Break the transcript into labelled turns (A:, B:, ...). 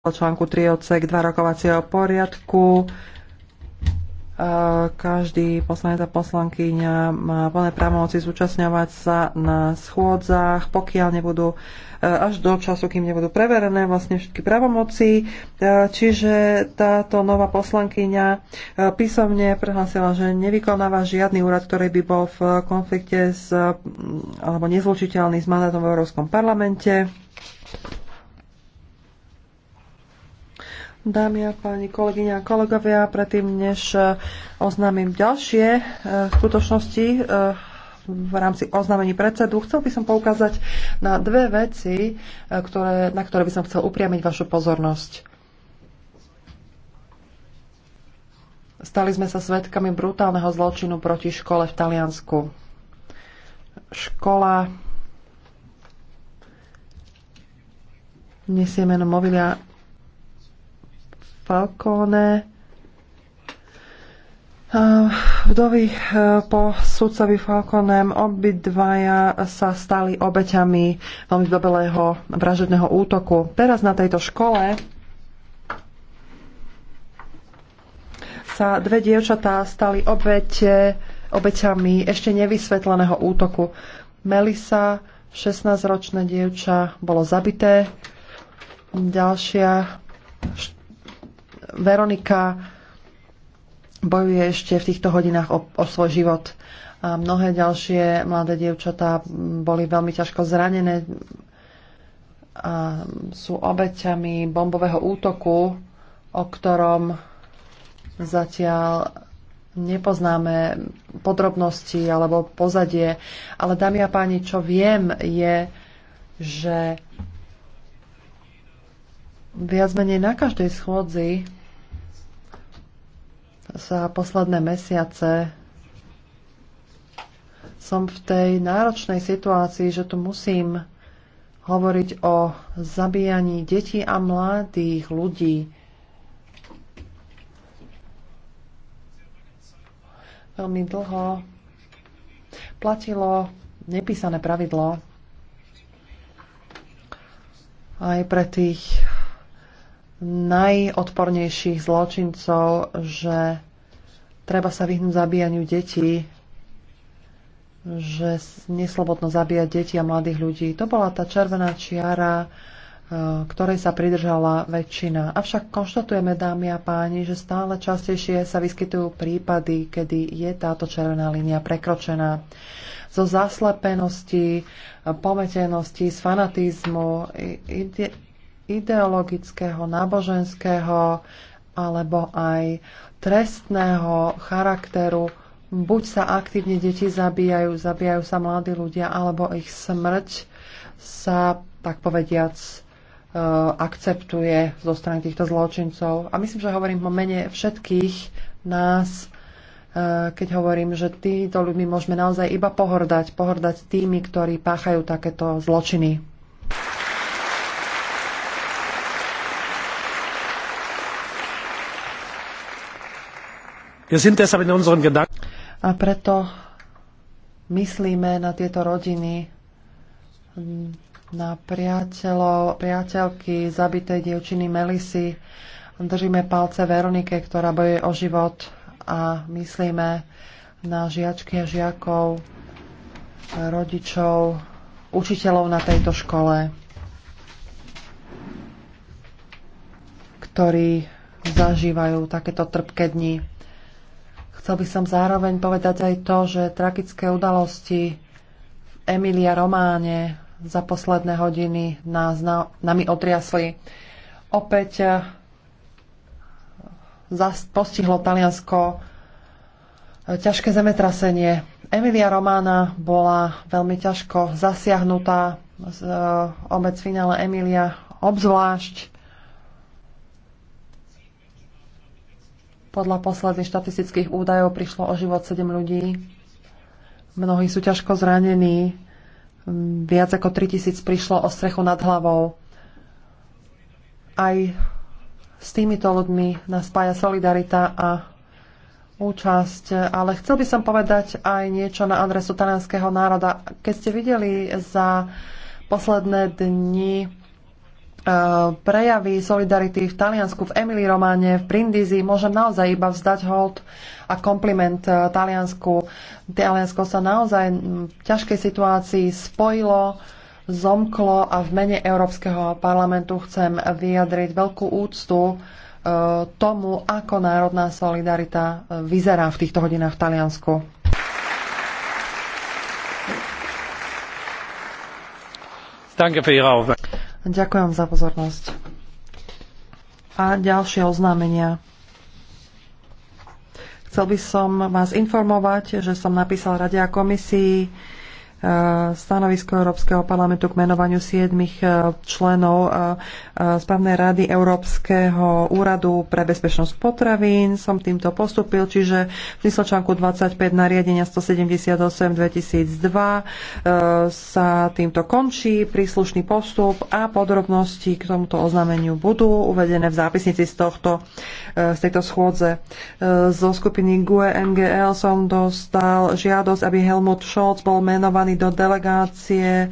A: podľa článku 3 odsek 2 rokovacieho poriadku. E, každý poslanec a poslankyňa má plné právomoci zúčastňovať sa na schôdzach, pokiaľ nebudú e, až do času, kým nebudú preverené vlastne všetky právomoci. E, čiže táto nová poslankyňa písomne prehlásila, že nevykonáva žiadny úrad, ktorý by bol v konflikte s, alebo nezlučiteľný s mandátom v Európskom parlamente. Dámy a páni, kolegyňa a kolegovia, predtým než e, oznámim ďalšie e, skutočnosti e, v rámci oznámení predsedu, chcel by som poukázať na dve veci, ktoré, na ktoré by som chcel upriamiť vašu pozornosť. Stali sme sa svetkami brutálneho zločinu proti škole v Taliansku. Škola nesie meno Movilia Falcone, Vdovy e, po sudcovi Falconem obidvaja sa stali obeťami veľmi dobelého vražedného útoku. Teraz na tejto škole sa dve dievčatá stali obete, obeťami ešte nevysvetleného útoku. Melisa, 16 ročná dievča, bolo zabité. Ďalšia Veronika bojuje ešte v týchto hodinách o, o svoj život. A mnohé ďalšie mladé dievčatá boli veľmi ťažko zranené a sú obeťami bombového útoku, o ktorom zatiaľ nepoznáme podrobnosti alebo pozadie. Ale dámy a páni, čo viem je, že viac menej na každej schôdzi za posledné mesiace som v tej náročnej situácii, že tu musím hovoriť o zabíjaní detí a mladých ľudí. Veľmi dlho platilo nepísané pravidlo aj pre tých najodpornejších zločincov, že treba sa vyhnúť zabíjaniu detí, že neslobodno zabíjať deti a mladých ľudí. To bola tá červená čiara, e, ktorej sa pridržala väčšina. Avšak konštatujeme, dámy a páni, že stále častejšie sa vyskytujú prípady, kedy je táto červená línia prekročená. Zo zaslepenosti, pometenosti, z fanatizmu, ide, ideologického, náboženského, alebo aj trestného charakteru. Buď sa aktívne deti zabíjajú, zabíjajú sa mladí ľudia, alebo ich smrť sa, tak povediac, e, akceptuje zo strany týchto zločincov. A myslím, že hovorím o mene všetkých nás, e, keď hovorím, že týmto ľuďmi môžeme naozaj iba pohordať, pohordať tými, ktorí páchajú takéto zločiny. A preto myslíme na tieto rodiny, na priateľov, priateľky zabitej dievčiny Melisy. Držíme palce Veronike, ktorá boje o život a myslíme na žiačky a žiakov, rodičov, učiteľov na tejto škole, ktorí zažívajú takéto trpké dni. Chcel by som zároveň povedať aj to, že tragické udalosti v Emilia Románe za posledné hodiny nás, na, nami otriasli. Opäť eh, zas, postihlo Taliansko eh, ťažké zemetrasenie. Emilia Romána bola veľmi ťažko zasiahnutá. z eh, Obec finále Emilia obzvlášť Podľa posledných štatistických údajov prišlo o život 7 ľudí. Mnohí sú ťažko zranení. Viac ako 3000 prišlo o strechu nad hlavou. Aj s týmito ľuďmi nás spája solidarita a účasť. Ale chcel by som povedať aj niečo na adresu talianského národa. Keď ste videli za posledné dni Eh, prejavy solidarity v Taliansku, v Emily Románe, v Brindisi môžem naozaj iba vzdať hold a kompliment eh, Taliansku. Taliansko sa naozaj v ťažkej situácii spojilo, zomklo a v mene Európskeho parlamentu chcem vyjadriť veľkú úctu eh, tomu, ako národná solidarita vyzerá v týchto hodinách v Taliansku. Danke für Ihre Aufmerksamkeit. Ďakujem za pozornosť. A ďalšie oznámenia. Chcel by som vás informovať, že som napísal Radia komisii stanovisko Európskeho parlamentu k menovaniu siedmých e, členov e, e, správnej rady Európskeho úradu pre bezpečnosť potravín. Som týmto postupil, čiže v zmysle článku 25 nariadenia 178 2002 sa týmto končí príslušný postup a podrobnosti k tomuto oznámeniu budú uvedené v zápisnici z, tohto, z tejto schôdze. Zo skupiny GUE NGL som dostal žiadosť, aby Helmut Scholz bol menovaný pozvaní do delegácie